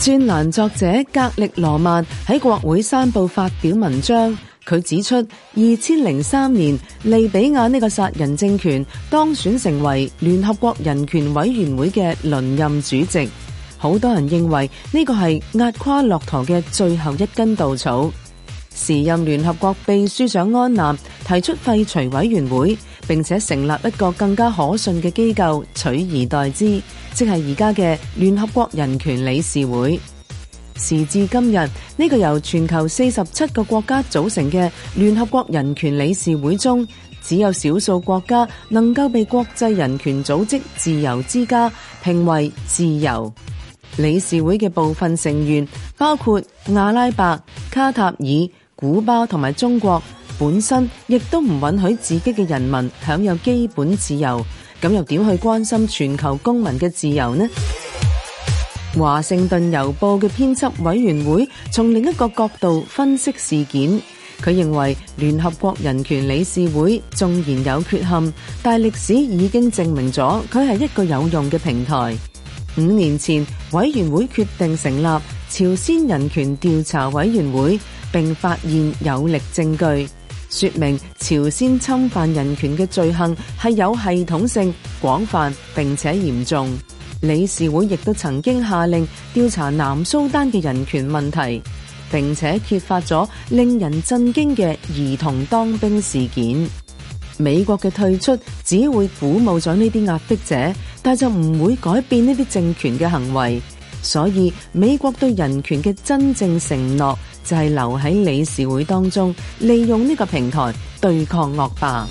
專欄作者格力羅曼喺國會山報發表文章，佢指出，二千零三年利比亞呢個殺人政權當選成為聯合國人權委員會嘅輪任主席，好多人認為呢個係壓垮駱駝嘅最後一根稻草。時任聯合國秘書長安南提出廢除委員會。並且成立一個更加可信嘅機構取而代之，即係而家嘅聯合國人權理事會。時至今日，呢、這個由全球四十七個國家組成嘅聯合國人權理事會中，只有少數國家能夠被國際人權組織自由之家評為自由。理事會嘅部分成員，包括阿拉伯、卡塔爾、古巴同埋中國。本身亦都唔允許自己嘅人民享有基本自由，咁又點去關心全球公民嘅自由呢？華盛頓郵報嘅編輯委員會從另一個角度分析事件，佢認為聯合國人權理事會縱然有缺陷，但歷史已經證明咗佢係一個有用嘅平台。五年前，委員會決定成立朝鮮人權調查委員會，並發現有力證據。說明朝鮮侵犯人權嘅罪行係有系統性、廣泛並且嚴重。理事會亦都曾經下令調查南蘇丹嘅人權問題，並且揭發咗令人震驚嘅兒童當兵事件。美國嘅退出只會鼓舞咗呢啲壓迫者，但就唔會改變呢啲政權嘅行為。所以，美國對人權嘅真正承諾，就係留喺理事會當中，利用呢個平台對抗惡霸。